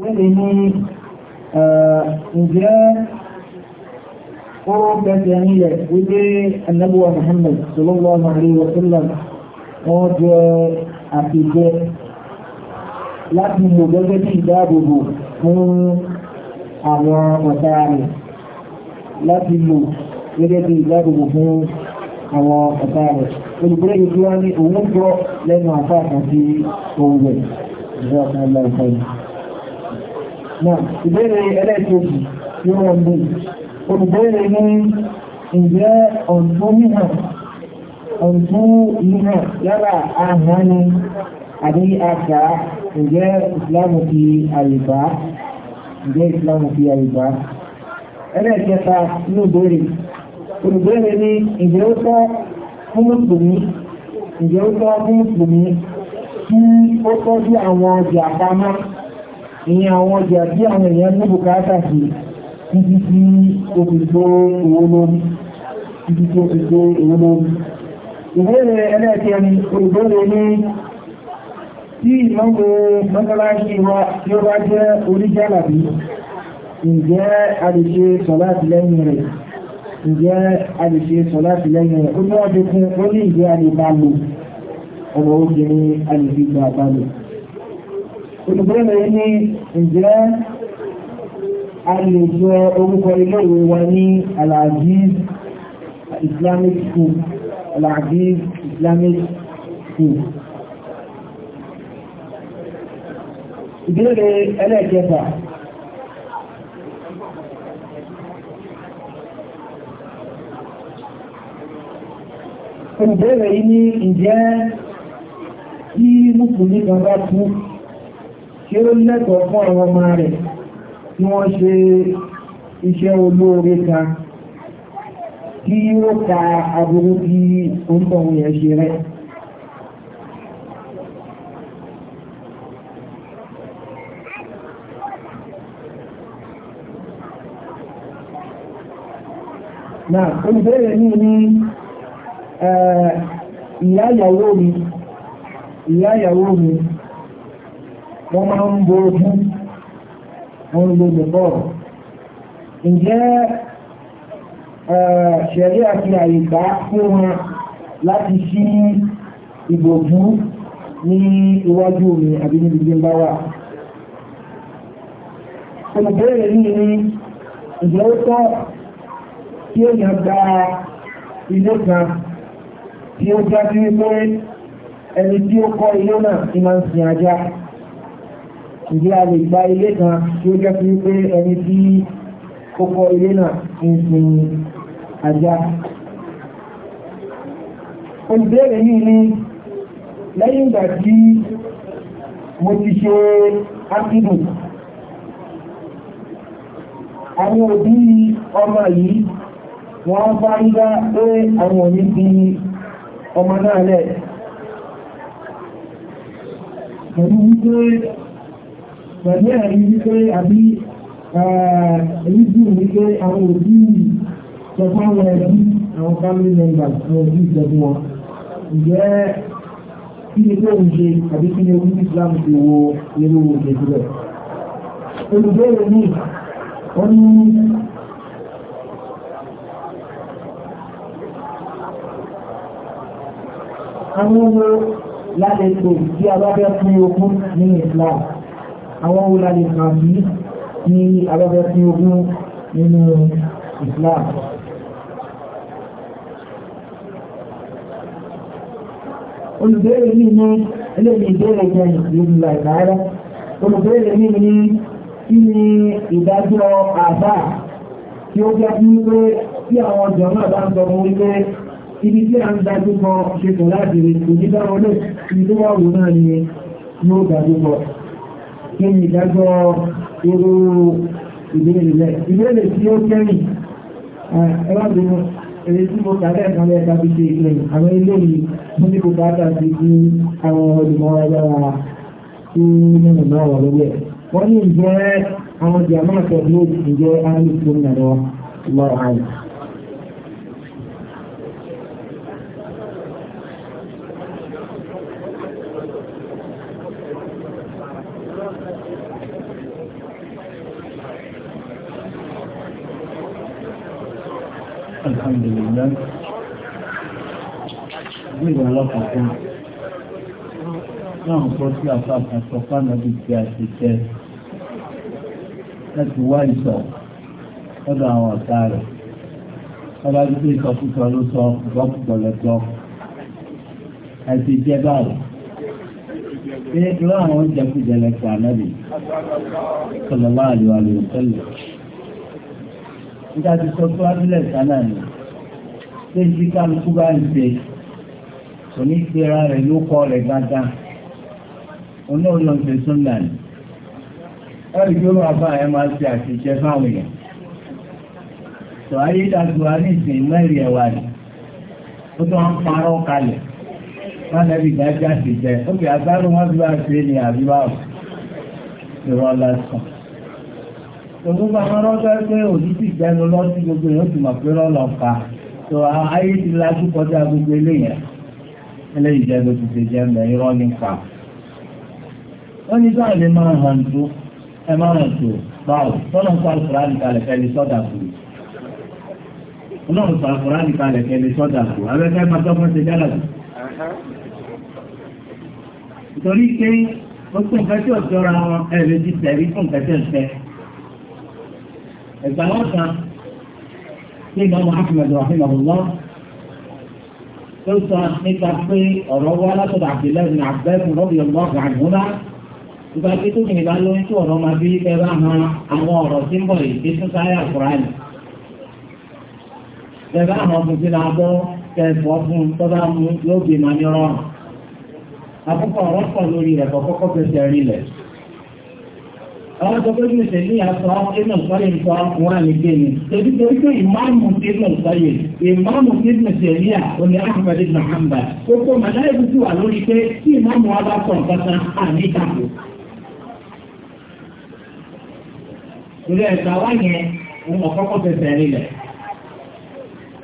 wọ́n lè ní ǹjẹ́ ó bẹ̀rẹ̀ nílẹ̀ wípé annabuwa Muhammad sallallahu alaihi wa sallam wọ́n jẹ́ àfijẹ́ láti lò gẹ́gẹ́ bí ìdáàbòbò fún àwọn ọ̀tá rẹ̀ láti lò gẹ́gẹ́ bí ìdáàbòbò fún àwọn ọ̀tá rẹ̀ olùgbé ìgbé wá òun gbọ́ lẹ́nu àfáàkàn sí ohun rẹ̀ ìjọ́ ọ̀tá ọlọ́ọ̀kọ́ yìí náà ìbéèrè ẹlẹ́ẹ̀kejì yóò wọ́n bí olùbéèrè ní ìjẹ́ ọ̀tún níhàn ọ̀tún níhàn yára ahọ́n ni àbí àṣà ìjẹ́ ìsìláàmù fi àyíká ìjẹ́ ìsìláàmù fi àyíká ẹlẹ́ẹ̀kẹta ní ìbéèrè olùbéèrè ní ìjẹ́ ó tọ́ fún mùsùlùmí ìjẹ́ ó tọ́ fún mùsùlùmí kí ó tọ́jú àwọn ọjà pamọ́ ìyẹn àwọn ọjà bí àwọn èèyàn ní bùkátà sí títí tí ó fi tó owó lórí títí tí ó fi tó owó lórí ìbéèrè ẹlẹ́ẹ̀kẹ́ni olùgbèrè ní tí ìmọ́gbò mọ́sálásí wa tí ó bá jẹ́ oníjálàbí ǹjẹ́ a lè ṣe sọ̀láti lẹ́yìn rẹ̀ ǹjẹ́ a lè ṣe sọ̀láti lẹ́yìn rẹ̀ ó ní ọdún fún ó ní ìgbé a lè ìgbẹ́lẹ̀ ní ìjẹ́ a lè jọ orúkọ ilé ìwé wa ní Al-Aziz Islamic School Al-Aziz Islamic School ìbéèrè ẹlẹ́ẹ̀kẹfà ìbéèrè yìí ní ìjẹ́ tí mùsùlùmí kan bá kú tí ó lẹ́tọ̀ọ́ fún àwọn ọmọ rẹ̀ tí wọ́n ṣe iṣẹ́ olóore kan tí ó ka aburú bí oúnjẹ òun yẹn ṣe rẹ̀. Náà, olùbẹ̀rẹ̀ ní ní ìyá mi, ìyá mi, wọ́n máa ń bo ojú wọ́n lo lè bọ́ọ̀lù ǹjẹ́ ṣẹ̀rí àti àyíká fún wọn láti ṣí ìbòjú ní iwájú mi àbí níbi bí ń bá wà olùbẹ̀rẹ̀ ní ní ìjẹ́ ó tọ́ tí ó yàn gba ilé kan tí ó jáde wípé ẹni tí ó kọ́ ilé náà ti máa ń sin ajá ìdí a lè gba ilé kan tí ó jẹ́ sí pé ẹni tí ó kọ́ ilé náà ń sin ajá. Olùbéèrè yìí ni lẹ́yìn ìgbà tí mo ti ṣe ákìdù àwọn òbí ọmọ yìí wọ́n bá ń dá pé àwọn òní bí ọmọ náà lẹ̀ pẹ̀lú wípé pẹ̀lú ẹ̀rí wípé àbí rídíò wípé àwọn òbí sọ fáwọn ẹbí àwọn family members àwọn òbí ìjọba wọn ǹjẹ́ kí ni tó ń ṣe àbí kí ni orí Islam ti wo irú òṣèlú rẹ̀ olùbẹ̀rẹ̀ ní wọ́n ní àwọn ọmọ lálẹ́ tó tí a bá fẹ́ fún okun ní Islam àwọn olàlè kàbí ní abẹ́bẹ́ tí ogún nínú Islam olùbéèrè ní ní eléyìí ìbéèrè jẹ́ ìlú ìlàìlára olùbéèrè ní ní kí ni ìdájọ́ àbá tí ó jẹ́ kí wípé tí àwọn ọjọ́ náà bá ń sọ fún wípé ibi tí a ń dájú kan ṣe kò láti rí kò ní dáwọn ibi tó wà wò náà ni yóò dájú kan ṣe ìdájọ́ irú ìbéèrè ìbéèrè tí ó kẹ́yìn ẹlọ́dún èyí tí mo kàlẹ́ ẹ̀kan lẹ́ ẹ̀ka fi ṣe ìpìlẹ̀ àwọn ilé yìí mú ní kòkó àtàkì sí àwọn àwọn jàmáà pẹ̀lú ìjẹ́ وسلم gbígbà lọ́kọ̀ọ́kọ́ náà kọ́ sí àpapọ̀ sọ fánàbí ti àṣìṣẹ́ láti wá ìsọ̀ lọ́dọ̀ àwọn ọ̀tá rẹ̀ ọba gbígbé ìsọkúsọ ló sọ ìgbọ́kùgbọ̀ lẹ́tọ́ àti jẹ́ báwò pé irú àwọn oúnjẹ kújẹ lẹ́tọ́ ànábì sọlọ́lá àlùwàlù òtẹ́lẹ̀ nígbà tí sọ fún abúlé ìsánà nìyí tẹ́jú kálukú bá ń ṣe kò ní gbéra rẹ̀ ló kọ́ rẹ̀ gángan onóòlò ń ṣe súnlá ni ẹ̀rí tó máa bá ẹ máa ṣe àṣìṣe fáwọn èèyàn tó ayé dàgbà ní ìsìn mẹ́rin ẹ̀wà ni ó tó ń parọ́ kalẹ̀ mọ́nẹ́bí dájú àṣìṣe ó fi àgbáru wọn bí wàá ṣe ni àbí wàá ìrọ̀ lásán tòun bá wọn rọ́ṣẹ́ pé òní ti gbẹnu lọ́sí gbogbo èèyàn ti mọ̀ pé rọ́ọ̀lọ́ pa tó ayé ti lajú kọjá gbogbo eléyàn eléyìí jẹ́ ló ti ṣe jẹ́ mẹ́ irọ́ nípa. wọ́n ní sáà lè máa hàn tó ẹ máa hàn tó báwo tọ́nà ń pa alukurani kalẹ̀ kẹ́lẹ́ sọ́dà kù. ọlọ́run pa alukurani kalẹ̀ kẹ́lẹ́ sọ́dà kù abẹ́kẹ́ máa tọ́kọ́ ṣe jálà kù. nítorí pé gbogbo nǹkan tí ò jọra wọn ẹ̀ lè ti tẹ̀rí fún nǹkan tí ò tẹ. ẹ̀gbà wọn kan nígbà wọn ahmed rahimahullah tó sọ nípa pé ọ̀rọ̀ wá látọ̀dọ̀ abdullahi bin abdullahi bin rabi allah rahimahullah ìgbà pé tó kìnnì bá lóyún tó ọ̀rọ̀ máa bí ẹ̀rọ àwọn àwọn ọ̀rọ̀ tí ń bọ̀ yìí tí tún sáyà kúránì ẹ̀rọ àwọn ọkùnrin tí náà bọ́ kẹfọ́ fún tọ́lá mú yóò gbé màá ní àkókò ọ̀rọ̀ pọ̀ lórí rẹ̀ kọ́kọ́kọ́ fẹsẹ̀ rí lẹ̀ àwọn tó tó gbèsè ní àtọ́ ẹnu ìsọ́lẹ̀ nǹkan wọn ní kéènì torí torí pé ìmáàmù ẹnu ìsọ́lẹ̀ ìmáàmù ẹnu ìsẹ̀ríà òní Ahmad ibn Hanbal kókó màdáyébù ti wà lórí pé tí ìmáàmù wa bá sọ nǹkan kan àmì ìtàkùn. ìrẹ́ ẹ̀ta wá yẹn òun ọ̀kọ́kọ́ fẹsẹ̀ rílẹ̀.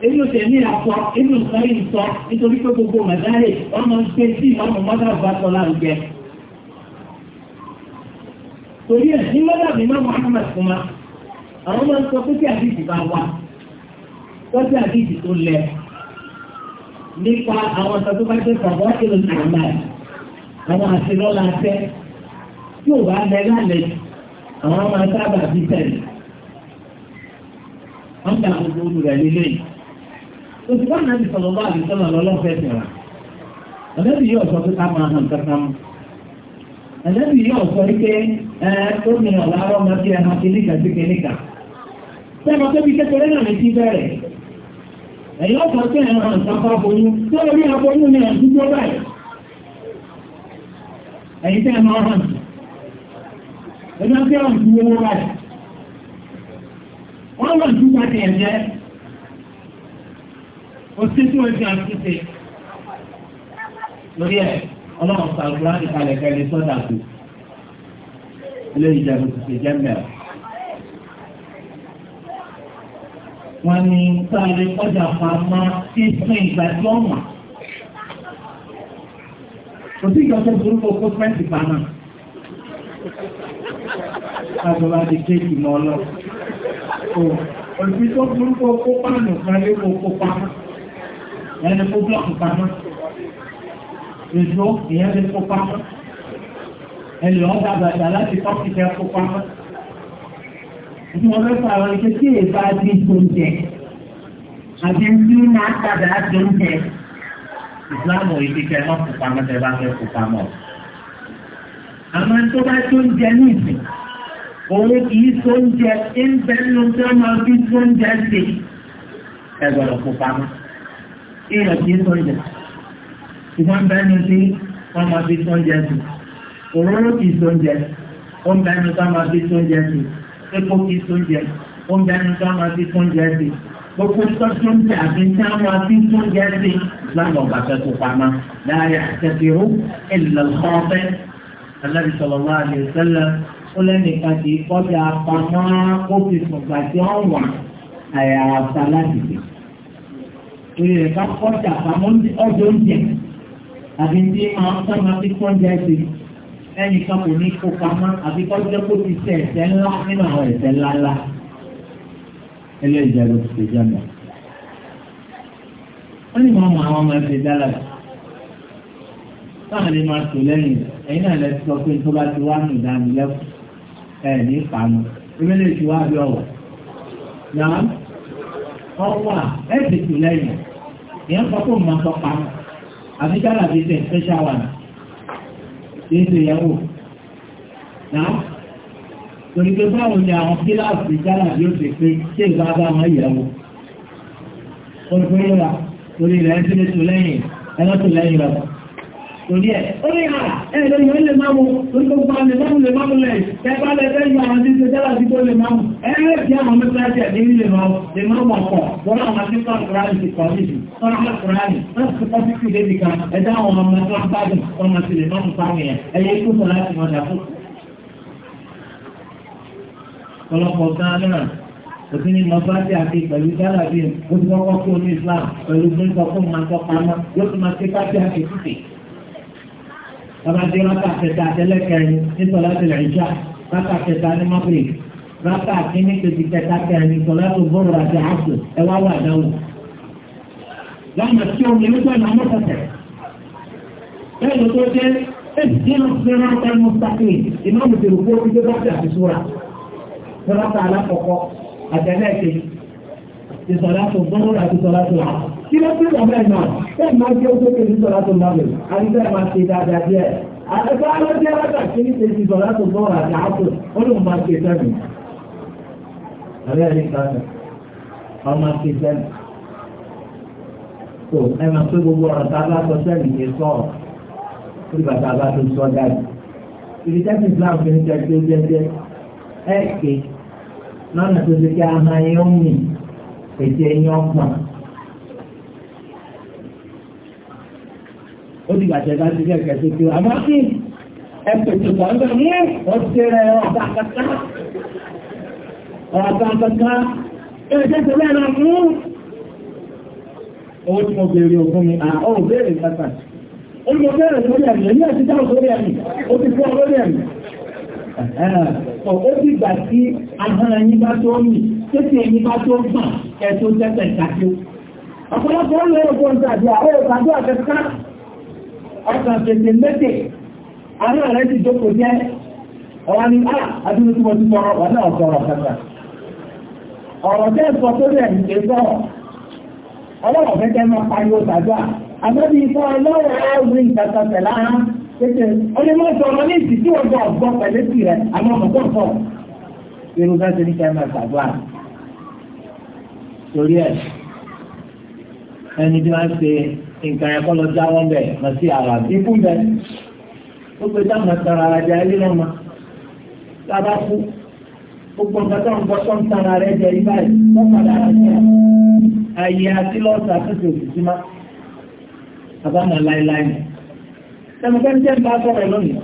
Inú tẹ̀mí àpọ̀, inú sọ́yìn sọ, nítorí pé gbogbo mẹ̀dáyé, ọmọ ń gbé sí ìmọ̀ mọ́tà bá sọ láǹgẹ̀ torí ẹ̀ ní mọ́dàbí náà Muhammad kuma àwọn máa ń sọ pé kí àdìsí bá wà tọ́jú àdìsí tó lẹ nípa àwọn ọ̀sán tó bá jẹ́ bàbá kìlọ̀ nàìjíríà àwọn àṣelọ́lá tẹ́ tí ò bá lẹ lálẹ́ àwọn máa sábà bí tẹ̀lé wọ́n gba gbogbo olú rẹ̀ lélẹ́yìn oṣù bá nàbì sọ̀rọ̀ bá àdìsọ́nà lọ́lọ́fẹ́ tẹ̀ra ọ̀dẹ́bí yóò sọ pé ká máa hàn kankan mú ànábì yóò sọ wípé ẹ ó ní ọ̀la ọmọ sí ẹnu kìnìkà sí kìnìkà sẹ́nu tó fi kékeré náà lè ti bẹ̀rẹ̀ ẹ̀yọ́ sọ pé ẹ̀rọ nǹkan kan aboyún tó lórí aboyún ní ẹ̀dúgbò báyìí ẹ̀yìn tẹ́ ẹ máa hàn ẹ̀dọ́ tí wọ́n ti wọ́n wáyé wọ́n wọ́n ti wá ti ẹ̀jẹ̀ òṣìṣẹ́ tí wọ́n ti àtúnṣe lórí ẹ̀ ọlọ́run sàrùkúrá nìkalẹ̀ kẹlẹ̀ sọ́dà kù ilé ìjẹ̀bù ti ṣe jẹ́ mẹ́rin. wọ́n ní sáré kọjá pamọ́ sí fún ìgbà tí wọ́n mọ̀. kò sí ìjọba burúkú kó fẹ́ǹsì pamọ́. Àgbàlá di kéèkì mọ́ lọ. Òbí tó burúkú kó pàmò kan lé kó kó pamọ́. Ẹni kó blọ́ọ̀kì pamọ́ ìjọ ìyẹn lè kó pápá ẹni lọ́n dàgbàdà láti pọ́pì fẹ́ kó pápá. Ìjọba fẹ́ fà wọn ṣe tí èèbá ti tó ń jẹ àti ní máa padà tó ń jẹ. Ìsìláàmù ìdí kẹ́ ọ́ kó pamọ́ tẹ́ bá fẹ́ kó pamọ́. Àmọ́ tó bá tó ń jẹ ní ìsìn, òun kì í tó ń jẹ ń bẹ́ nínú tó máa fi tó ń jẹ sí. Ẹ gbọ́dọ̀ kó pamọ́. Ìrọ̀ kì í tó ń jẹ sí ṣùgbọ́n bẹ́ẹ̀ni tí wọ́n máa fi tó ń jẹ sí òróró kì í tó ń jẹ ó ń bẹ́ẹ̀ni tó máa fi tó ń jẹ sí epo kì í tó ń jẹ ó ń bẹ́ẹ̀ni tó máa fi tó ń jẹ sí gbogbo tọ́jú tẹ àti tí wọ́n máa fi tó ń sí lánàá bàtà tó pamọ́ láàyè àtẹ̀tẹ̀rù ẹ̀lẹ́lọ́fẹ́ alábi sọlọ́wọ́ àdìsẹ́lẹ̀ ó lẹ́nìkan kì í kọjá pamọ́ ó fi àbí tí máa ń sọ́nà tí kò ń jẹ́ sí ẹnìkan kò ní kó pamọ́ àbí kó jẹ́ kó ti ṣe ẹ̀ṣẹ̀ ńlá nínú àwọn ẹ̀ṣẹ̀ ńláńlá ẹlẹ́jà ló ti ṣe jàmbá. wọ́n ní màmú àwọn ọmọ ẹ̀ṣẹ̀ dára táwọn lè máa tò lẹ́yìn ẹ̀yin náà lè sọ pé tó bá ti wá nù ìdánilẹ́kọ̀ọ́ ẹ̀ ní ìpamọ́ ìrẹ́lẹ̀ ti wá bí ọ̀wọ̀ yàrá ọ̀wà ẹ̀ ti tò lẹ́yìn ìyẹn sọ pé òun máa sọ pamọ́ àbí ghana bí tẹ̀ special one tí ń ṣe yẹ̀wò náà torí pé báwo ni àwọn kíláàsì ghana bí ó ṣe pé ṣé ìgbà bá wọn yẹ̀wò olùkọ́ yẹ̀wà torí rẹ̀ ń sílẹ̀ lẹ́yìn ẹlọ́tò lẹ́yìn rẹ̀ torí ẹ̀ ó ní à ẹ̀rẹ́ yóò lè máa mú orúkọ gbọ́n lè máa mú lè máa mú lẹ̀ ẹgbà lẹ́gbẹ́ yóò àwọn tí ó dára sí tó lè máa mú ẹ̀rẹ́ bí àwọn mẹ́tàlájì àti ilé máa lè máa mú ọkọ̀ wọ́n àwọn tí kọ́ àkùránì ti kọ́ níbi wọ́n àwọn àkùránì wọ́n ti kọ́ sí sí débi kan ẹ̀dá àwọn ọmọ ẹgbẹ́ pàdùn ọmọ ti lè máa mú sáwọn yẹn ẹ̀yẹ ikú mọ̀ láti mọ̀ dà fún. ọlọ́pọ̀ gan náà òsì ní mọ̀sáàtì àti pẹ̀lú jálàbí ó ti kọ́kọ́ kó ní Islam pẹ̀lú gbẹ́ńkọ́ fún màtọ́pamọ́ yóò ti máa ṣe káàkiri àti títì bàbá dé rákà kẹta àtẹlẹkẹrin nítorí àti ìṣá rákà kẹta ní mọ́kìrì rákà kínní kejì kẹta kẹrin nítorí àti bọ́ọ̀rù àti àṣù ẹ wá wà dáwọ̀. lọ́nà tí o nílò pẹ̀lú àwọn ọ̀sẹ̀ bẹ́ẹ̀ ló tó dé èyí tí wọ́n fi rán ọ̀tá mú sáké iná mi ti rò pé ó ti dé rákà àti súra rákà alákọ̀ọ́kọ́ àtẹlẹ́kẹ̀ẹ́ ìsọ̀lá tó bọ́ọ̀rù àti ìsọ̀lá tó àṣù kí ló dé ìwọ̀n bẹ́ẹ̀ náà bẹ́ẹ̀ máa jẹ́ oṣù kejì sọ̀rọ̀ tó náà rẹ̀ àdìsẹ́ máa ṣe dáadáa díẹ̀ àtẹ̀kọ́ alọ́jẹ́ rákà sí ní kejì sọ̀rọ̀ tó bọ́ àti àpò olóhùn máa ṣe sẹ́mi. àbẹ́rẹ́ ìkànnì wọ́n máa ṣe sẹ́mi. tó ẹ máa pé gbogbo ọ̀rọ̀ tá a bá sọ sẹ́mi yẹn sọ ọ́ kí bàtà bá tó sọ dáadáa. ibi tẹ́sí Islam fi ń jẹ́ jẹ́jẹ́ ẹ̀ ké lọ́nà tó ṣe kí a máa ó ti gbàṣẹ bá ti kẹ̀kẹ́ tó kí àmọ́ kí ẹ̀pẹ̀ tó kọ̀ ní ọ̀sẹ̀ rẹ̀ ọ̀tà kàkà ọ̀tà kàkà ẹ̀ẹ́dẹ́ tó mú owó tí fún ọ lórí àwọn òkàdó àtẹ́ká ọkàn tètè mẹ́tẹ̀ àárẹ̀ rẹ̀ ti jókòó jẹ́ ọ̀wá ni á ah, àdúgbò tí mo ti sọ̀rọ̀ wà náà sọ̀rọ̀ kàkà ọ̀rọ̀ tẹ́ sọ tó rẹ̀ ń ṣe sọ̀rọ̀ ọlọ́rọ̀ fẹ́kẹ́ máa pariwo tàgbà àbẹ́bí ikọ́ ọlọ́rọ̀ ọ̀rìn ìtàkàtẹ̀ lára tètè ọdún mọ́ sọ̀rọ̀ ní ìsìtí ọgbọ́ ọgbọ́ pẹ̀lú ti rẹ̀ àmọ́ ọ̀gbọ́n sọ irú bá ti ní kẹ́ máa tàgbà torí ẹ̀ ẹni tí wọ́n ṣe nǹkan ẹ̀kọ́ lọ já wọn bẹ̀ lọ sí ara ikú bẹ̀ ó pe táwọn tara ara jẹ ilé lọ́mọ tábà kú ó gbọ́n nǹkan tó ń gbọ́ tó ń tara rẹ jẹ ibà yìí wọ́n padà ara jẹ ayé àti lọ́ọ̀tà tó ti òkùtì má bàbá mọ̀ láéláé ni tẹnukẹ́ ní tẹ́ǹbà sọ̀rọ̀ lónìí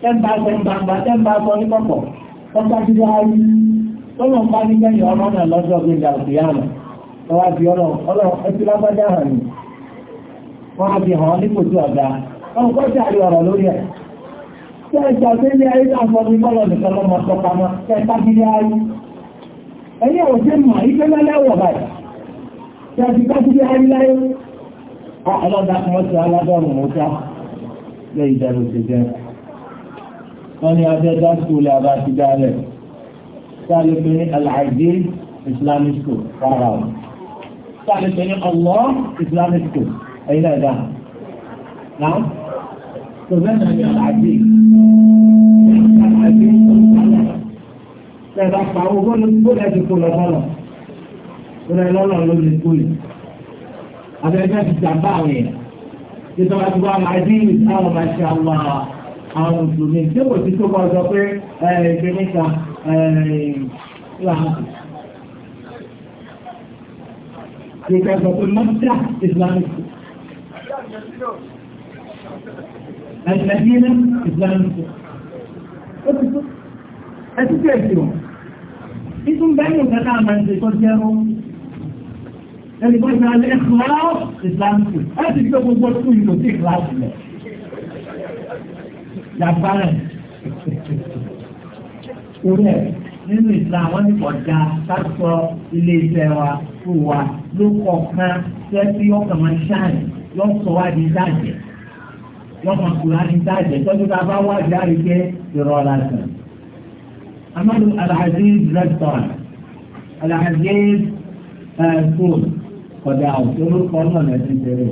tẹ́ǹbà sọ ń gbangba tẹ́ǹbà sọ ní kọ̀kọ̀ ọ̀pá ti wá rí lọ́nà bá ní kẹ́yìn ọmọ náà lọ́jọ́ wọ́n fi hàn ní kò ọ̀dá ọmọ kọ́ sí àrí ọ̀rọ̀ lórí ẹ̀ tí ẹ jà sí ilé ayé náà fọ́ mi nìkan lọ́mọ tó pamọ́ ẹ tábílé ayé ẹ̀yẹ́ ò sí mọ̀ ìgbé lẹ́lẹ́wọ̀ báyìí tí ẹ ti tábílé ayé láyé ọlọ́dà kan ó ti aládọ́rùn mọ́tá lé ẹ̀yin náà dà náà tó bẹ́ẹ̀ náà ní àlàájì àlàájì ṣẹ̀dá pa owó gbọ́dọ̀ ti kó lọ bọ́lọ̀ lọ́nà lọ́nà ló lè kó yìí abẹ́rẹ́ ti jàmbá àwọn èèyàn títí wọn ti wá màdí àwọn máa ṣe àwọn àwọn mùsùlùmí tí kò Àìsàdínà ìgbàlùkù. Ó ti tó. Ẹ ti tẹ̀ sí wọn. Ìtún bẹ́ẹ̀ ní ìgbàlá àmà ìṣe tó jẹ́ wọn. Ẹni bọ́ ìgbà alẹ́ ìkìláwọ̀ ìgbàlùkù. Ẹ ti fi gbogbo ọdún yìí lò sí ìkìláwọ̀ lẹ̀. Yàgbára ẹ̀. Orí ẹ̀ nínú ìsìlá àwọn ní ọ̀dà sásọ ilé iṣẹ́ wa fún wa ló kọ̀ọ̀kan tẹ́tí ọkàn máa ń ṣáàyàn yóò sọ wá di dájẹ́ yóò máa kú wá di dájẹ́ tọ́jú tá a bá wá di dájẹ́ jẹ́ ìrọ̀ lásán. amadu alhaziz restaurant alhaziz school kọjá òkè orúkọ náà lẹ́sìn tẹ̀lé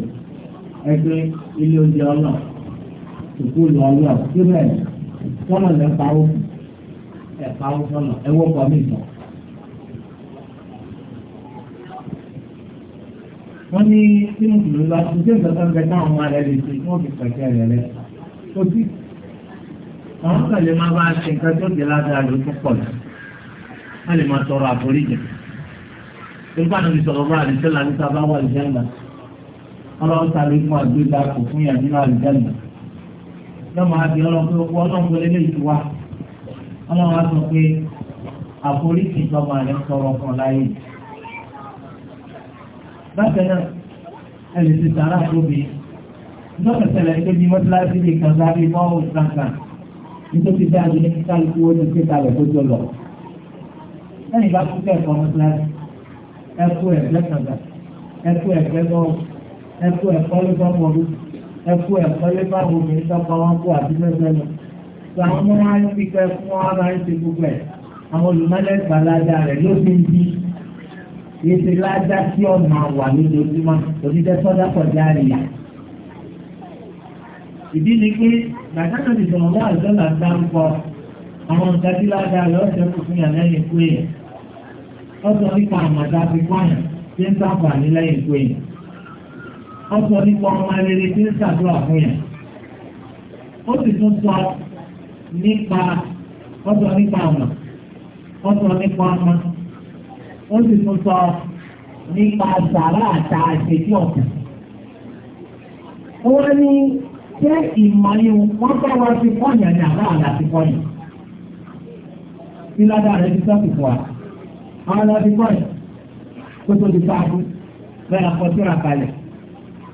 ẹgbẹ́ ilé oúnjẹ ọlọ́ọ̀ ìkúlù ọlọ́ọ̀ síbẹ̀ tọ́nà lẹ́pàá ó ẹ̀pàá ó sọ̀nà ẹ̀wọ́ kọ́ mi sọ̀rọ̀. wọ́n ní tí mo lò lọ sí jẹ́ ìgbà kan bẹ́ẹ̀ táwọn máa rẹ̀ lè ṣe tí wọ́n fi pàṣẹ rẹ̀ rẹ̀ tó sí. àwọn kàlẹ́ máa bá ṣe nǹkan tó jẹ́ ládàá ló tó pọ̀ jù wọ́n lè máa tọrọ àforíjì. nígbà tó ti sọ̀rọ̀ bá àdìsẹ́ la níta bá wà lìjẹ́nà ọlọ́run ta ló fún àgbéga kò fún yà nínú àlìjẹ́nà. lọ́mọ àti ọlọ́run pé ọlọ́run àforíjì tọ́mọ rẹ̀ sọ̀rọ̀ kan bákan náà ẹ lè ti sàrà lóbi lọ́kàn sẹlẹ̀ ẹgbẹ́ bíi mọ́tíláṣí lè kàn lábí mọ́ọ̀hún kankan nítorí dáadé ní kálukú ó ti ké kalẹ̀ tó jọ lọ. lẹ́yìn bá kú kẹ́kọ̀ọ́ mọ́tíláṣí ẹkú ẹ̀gbẹ́ kàgbà ẹkú ẹ̀gbẹ́ mọ́ọ̀ ẹkú ẹ̀kọ́ lébà mọ́ọ̀lú ẹkú ẹ̀kọ́ lébà mọ́ọ̀lú ìtọ́kọ̀ wọn kú àti mẹ́fẹ́ lọ. àwọn ọmọ wa ń fi kẹ́ fún wọn máa ń ṣe gbogbo ẹ̀ àwọn olùmọ̀lẹ́gbàlá èsì ládá sí ọ̀nà wà lójoojúmọ́ òdìdẹ́ sọ́dá kọjá àríyá. ìdí ni pé bàtàkà ti sọ̀rọ̀ wá àjọ́là dárúkọ àwọn nǹkan tí ládá rẹ̀ ọ̀sẹ̀ kò fún yàn lẹ́yìn ikú èèyàn. ó sọ nípa àmàdá fi pààyàn tí ń sáfà ní lẹ́yìn ikú èèyàn. ó sọ nípa ọmọ rere tí ń ṣàdúrà fún yàn. ó sì tún sọ nípa ó sọ nípa ọmọ ó nípa ọmọ. ó sì tún sọ nípa sàrà àta àṣetí ọ̀sán. Wọ́n ní ṣé ìmọ̀lẹ́ wọn bá wọn ti kọ́yàn ní àbá àlà ti kọ́yàn. Ìlàdà ti sọ́ọ̀tì fún wa. Àwọn ọ̀la ti kọ́yàn. Kó tó di sáàbù bẹ́ẹ̀ akọ́síra kalẹ̀.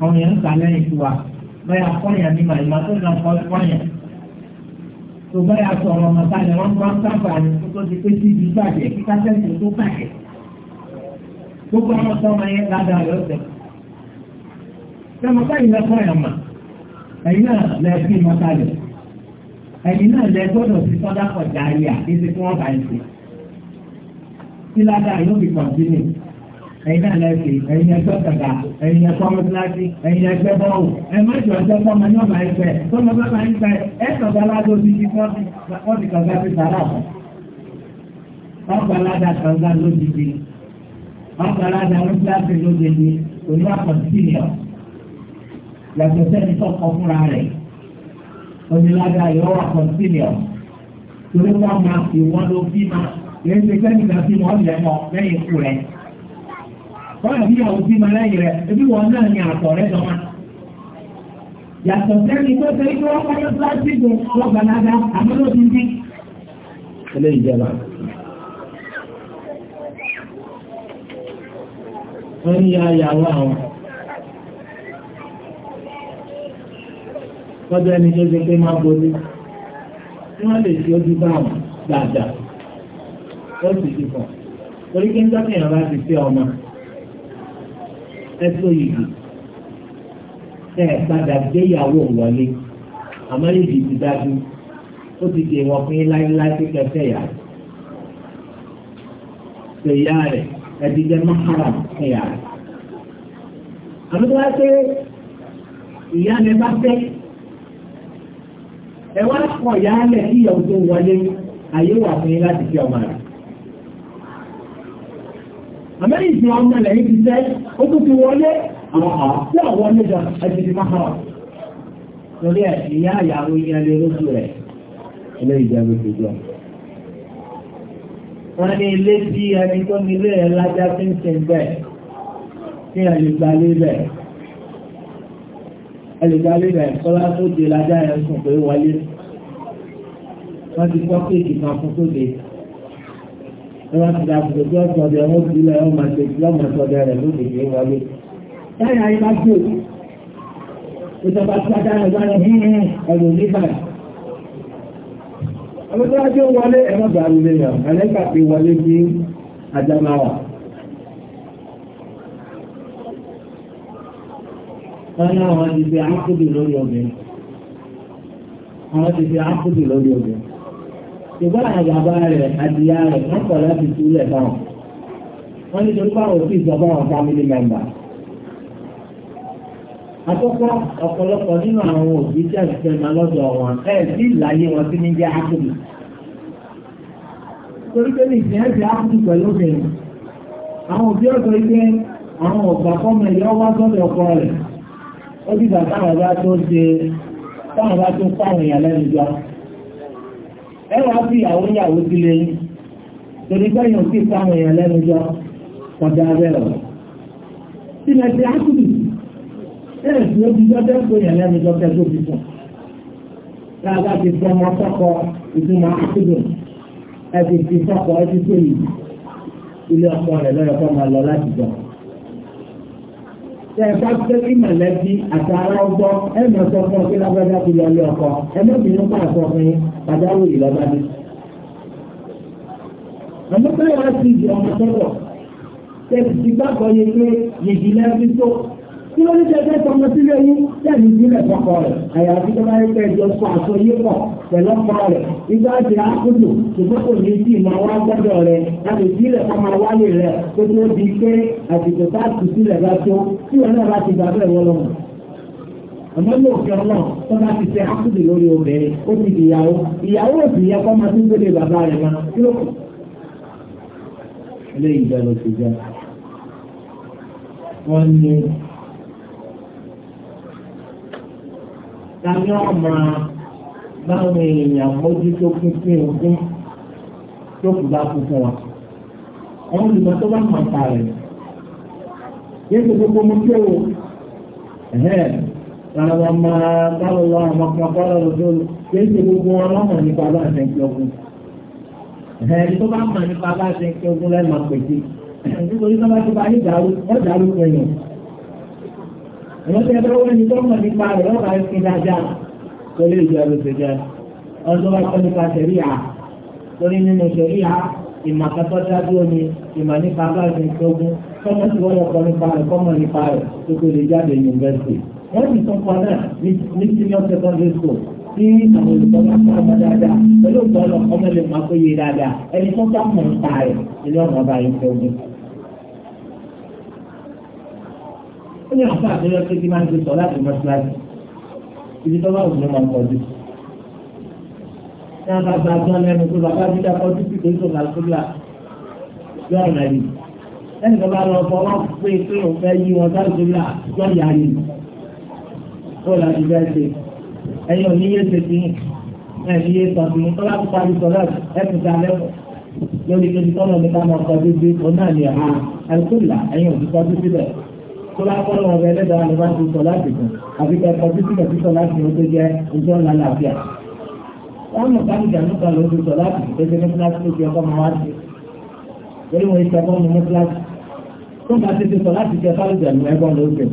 Àwọn èèyàn ń kà lẹ́yìn tiwa. Bẹ́ẹ̀ akọ́yàn ní màlúwà tó ń lọ kọ́yàn. Tòbẹ́ ọmọ wọ́n sábà ní kó tó di pé ibi gbogbo àwọn ọ̀sán ọmọ yẹn dáadáa rẹ̀ ọ̀sẹ̀. Sẹ́mọ̀tá yìí lẹ́kọ́ ẹ̀ mà, ẹ̀yin náà lẹ́ẹ̀kí mọ́tà rẹ̀. Ẹ̀yin náà lẹ́gbọ́dọ̀ sí sọ́dá pọ̀ járe à kí ṣe kí wọ́n bá ń ṣe. Tí ládàá yóò fi kọ̀ǹtínì. Ẹ̀yin náà lẹ́ẹ̀kí, ẹ̀yin ẹgbẹ́ kàkà, ẹ̀yin ẹgbẹ́ mọ́tíláṣí, ẹ̀yin ẹgbẹ́ bọ́ọ̀lù. Ẹ má jọ ọjọ́ tọ́mọ ní ọ̀bà ẹgbẹ́, tọ́mọ bá máa ń gbẹ, ẹ sọ̀gá ládó ti di kọ́ọ̀tì kọ̀ọ̀tì kọ̀ọ̀tì sàrà. Ọ̀gbà ládàá sọ̀gá lójijì àwọn kan láti àwọn kíláàsì lóde ní oní àkọsílẹ̀ yàtọ̀ sẹ́ni tó kọ fúnra rẹ̀ onílàdà yọ àkọsílẹ̀ torí wọn máa fi wọn ló bí ma yẹn ti sẹ́ni kan sí wọn lẹ́ mọ́ lẹ́yìn ikú rẹ̀ wọ́n yà bí yàwó bí ma lẹ́yìn rẹ̀ ebi wọn náà ní àtọ̀ rẹ̀ dọ́mà yàtọ̀ sẹ́ni tó ṣe é kí wọ́n kọ́ lọ́sọ́ọ́sì gbọ́ lọ́gbàládá àmọ́ ló ti dín. eléyìí wọ́n ya ayàwó àwọn. Tọ́jọ́ ẹni tó ṣe pé máa borí. Tí wọ́n lè ṣe ojú bá àwọn dáadáa. Ó sì ti kàn. Torí kí ń dọ́kẹ́ ìrànlá ti fẹ́ ọmọ. Ẹ tó yìí. Ẹ padà gbé ìyàwó wọlé. Àmọ́ yìí ti dájú. Ó ti dè wọ́n pín láíláí sí kẹfẹ́ yàrá. Ṣèyá rẹ̀ ẹbí jẹ́ mọ́kànlá ẹ̀yà rẹ̀. àmì tó wá pé ìyá rẹ̀ bá fẹ́ ẹ wá pọ̀ ìyá rẹ̀ kí ìyàwó tó wọlé ayé wà fún yín láti fi ọmọ rẹ̀. àmẹ́rin ìsìn ọmọ lẹ́yìn ti fẹ́ ó tún ti wọlé àwọn àwọn tí àwọn ọlẹ́jọ ẹbí ti mọ́kànlá torí ẹ̀ ìyá ìyàwó yẹn lè lójú rẹ̀ ilé ìjẹun ti jọ wọ́n ní ilé tí ẹni tó ní ilé ẹ̀ lájá tí ń sin bẹ́ẹ̀ tí ẹ̀ lè gba lé bẹ̀ ẹ̀ lè gba lé bẹ̀ kọ́lá tó dé lájá ẹ̀ sùn pé wọlé wọ́n ti kọ́ kéèkì kan fún tó dé wọ́n ti da àbùkù tó sọ̀dọ̀ ẹ̀ wọ́n ti lọ ẹ̀ wọ́n máa ṣe ìdílé ọmọ sọ̀dọ̀ rẹ̀ lóde pé wọlé. táyà ayé tó ìjọba tó adáyọ̀ bá lọ bí ẹ̀rù nígbà àwọn tó wájú wọlé ẹ̀rọ bàálù lè yàn àlẹ́kà pé wọlé bí ajámáwà wọ́n ní àwọn ti fi ákùdù lórí obìnrin àwọn ti fi ákùdù lórí obìnrin ṣùgbọ́n àwọn bàbá rẹ̀ adìyá rẹ̀ wọ́n kọ̀ láti túlẹ̀ fáwọn wọ́n ní torí báwọn òfin ìjọba àwọn family member Àkọ́kọ́ ọ̀pọ̀lọpọ̀ nínú àwọn òbí tí àṣìṣẹ́ máa lọ́dọ̀ wọn ẹ̀ sí ìlàyé wọn sí ní jẹ́ ákùnù. Torí pé ní ìsìn ẹ̀sìn ákùnù pẹ̀lú obìnrin. Àwọn òbí ọ̀dọ́ ilé àwọn ọ̀gbà kọ́mọ ẹ̀yọ́ wá sọ́dọ̀ ọkọ rẹ̀. Ó dìgbà táwọn bá tó ṣe táwọn bá tó fáwọn èèyàn lẹ́nu jọ. Ẹ wá sí ìyàwó ìyàwó sílé yín. Torí pé èèyàn sì fáwọn èèyàn lẹ́nu jọ kọjá bẹ́ẹ̀ rọ̀. Sílẹ̀ ti ákùnù bẹ́ẹ̀ tí ó fi jọ́jọ́ pé yẹn lẹ́nu jọ́jọ́ tó fi fún. Láàbá ti fi ọmọ sọ́kọ ìdúmọ̀ àkúdùn. Ẹ ti fi sọ́kọ ẹ ti pè yìí. Ilé ọkọ rẹ̀ lọ́yọ̀ kọ́ máa lọ láti jọ. Ṣé ẹ bá fẹ́ kí mọ̀lẹ́bí àtàrà ọgbọ́ ẹ mọ̀ sọ fún ọ kí lágbájá ti lọ ilé ọkọ. Ẹ mọ̀ bí nípa àtọ̀ fún yín, pàjáwìrì lọ́ba dé. Àmọ́ bẹ́ẹ̀ wá sí ìdí ọmọ sọ́kọ̀. Ṣé ti gbàgbọ́ yẹ pé yèjì lẹ́bí kí ló ní tẹ́tẹ́ tọmọ sílé yín tẹ̀lé sílẹ̀ fọkọ rẹ̀ àyàfi tó bá yẹ kẹ́ ẹjọ́ sọ àṣọ yé pọ̀ pẹ̀lú ọkọ rẹ̀ igbá ti àkójò ṣùgbọ́n kò ní sí ìmọ̀ wá gbọ́dọ̀ rẹ̀ láti sílẹ̀ fọmọ wálé rẹ̀ tó tó di pé àsìkò tá a tù sílẹ̀ bá tó tí wọn náà bá ti gbà bẹ́ẹ̀ wọ́n àmọ́ ní òfin ọlọ́run tó ti ṣe àkójò lórí obìnrin ó ti di ìyàwó ìyàwó ò sì yẹ kọ́ máa tún gbélé bàbá rẹ̀ máa kí ló kù. ilé ìjẹun ti jẹ wọ́n ní láti ọmọ báwọn èèyàn mójú tó kún sí ogún tó kù bá kú fún wa. àwọn olùkọ́ tó bá mọ̀ ọ́ta rẹ̀ yéé tó gbogbo mú kí o láwọn ọmọ báwọn lọ àwọn ọmọ bọ́lá lọ́dọ́ yéé tó gbogbo wọn lọ́mọ nípa bá ṣe ń kí ogún. ẹ̀ẹ́dì tó bá mọ̀ nípa bá ṣe ń kí ogún lẹ́nu àpèjì nítorí tó bá ti bá yí dàrú ọ̀ dàrú ẹ̀yìn àwọn tẹ́ bá wọ́n ní tó mọ̀ nípa rẹ̀ wọ́n bá ń fi dáadáa torí ìjọ olùsèjẹ́ ọjọ́ ọkọ̀ nípa sẹ̀ríà torí nínú sẹ̀ríà ìmọ̀ akẹ́kọ̀ọ́ dájú omi ìmọ̀ nípa báyìí tógún kọ́mọ̀ tí wọ́n lọ́kọ̀ nípa rẹ̀ kọ́mọ̀ nípa rẹ̀ tó tó lè jáde yunifásitì wọ́n ti tún kọ́ náà ní senior secondary school tí àwọn olùkọ́ máa kọ́ ọmọ dáadáa pẹ̀lú ọ̀pọ̀ ọmọ lè máa kó yé dáadáa ẹni tó bá mọ̀ nípa rẹ̀ ilé ọ̀nà ọba yìí ó ní àpá àtẹ́yọ́ pé kí máa ń ṣe sọ láti mọ́ṣáláṣí ibi tó bá wù ló máa ń kọjú. ní abá gba gbọ́n lẹ́nu pé bàbá mi dá kọjú sí kéjọ làkúlà yọ ọ̀nà yìí lẹ́nu tó bá lọ fọwọ́ pé pé òun fẹ́ yí wọn sáré sórí àjọ ìyá yìí tó láti bẹ́ẹ̀ ṣe ẹ̀yin ò ní yé ṣe ti ẹ̀ ní lórí ibi tó lọ ní ká máa kọjú sí òun náà ní àlùkùlà ẹ̀yin kọjú síbẹ̀ tọ́lá fọ́lọ́ ọ̀rẹ́ ẹlẹ́dàá ló bá ti sọ láti kàn àfi ká ẹ̀kọ́ títí kàn títọ̀ láti ní oṣù jẹ́ ojú ọ̀la làáfíà. wọ́n mọ̀ ká nìjà nípa ló ti sọ láti pépé ní kíláàsì tó fi ọkọ máa wá sí torí wọn ti ọkọ nínú kíláàsì tó bá ti ti sọ láti jẹ fáwọn ìjànú ẹgbọ́n ló jẹ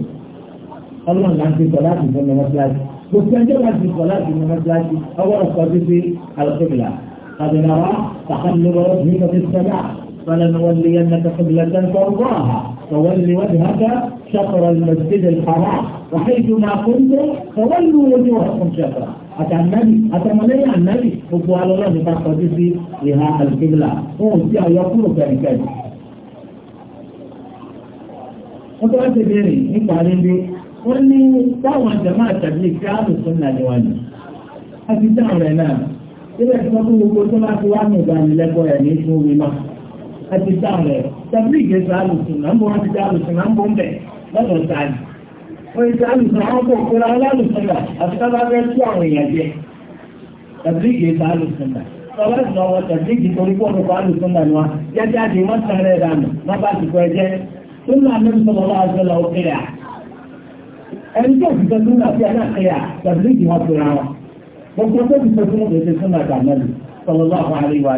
ọlọ́run là ń ti sọ láti fún nínú kíláàsì gbogbo ẹjọ́ láti sọ láti nínú kíláàsì ọwọ́ ọkọ̀ títí alùpùpùlà tàbílà wa tàkàlùmọ́ nígbà tí sọ́dà fọlẹ́nu wọlé yẹn فول وجهك شطر المسجد الحرام وحيثما كنتم فولوا وجوهكم شطره àti ànábì àtọmọlẹ́yìn ànábì gbogbo alọ́lọ́ nípa kọjú sí ìhà àlùkébìlà wọn ò sí àyọkúrò kẹ̀kẹ́. wọ́n tó wá ti béèrè nípa níbi wọ́n ní táwọn àjàmọ́ àtàbílẹ̀ kí á lò fún nàìjíríà ni. a ti dáhùn rẹ̀ náà ibẹ̀ tí tó bá ti wá ní ìdánilẹ́kọ̀ọ́ ẹ̀ ní fún wíwá àti dáhùn tàbí ìgbésẹ̀ alùsùn náà ń ti dá alùsùn ń bẹ̀ lọ́dọ̀ sáàlì wọ́n ti dá àwọn kò kóra alálùsùn náà àti kábà fẹ́ àwọn èèyàn jẹ tàbí ìgbésẹ̀ alùsùn náà tọ́lá ìsìn ọwọ́ tàbí ìgbésẹ̀ orí bọ́ọ̀lù alùsùn náà wá jẹ́jẹ́ àdé wọ́n sàn rẹ̀ má bá ti kọ́ ẹjẹ́ tó ń lọ òkèrè sọ̀rọ̀ lọ́wọ́ àríwá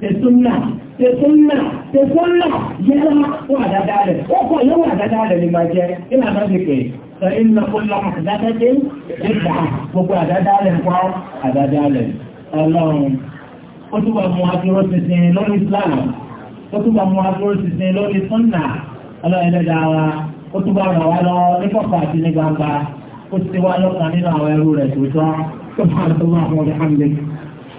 ṣe súnà ṣe súnà ṣe súnà yẹra wà dáadáa rẹ̀ ó kọ̀ yóò wà dáadáa rẹ̀ ní máa jẹ́ ìlà náà ti pè sọ ìlà kó lọ àdáda dé ìgbà gbogbo àdáda rẹ̀ kọ́ àdáda rẹ̀ ọlọ́run ó tún wà mú adúró sísin lórí Islam ó tún mú adúró sísin lórí súnà ọlọ́run ẹlẹ́dàá ó tún bá wá lọ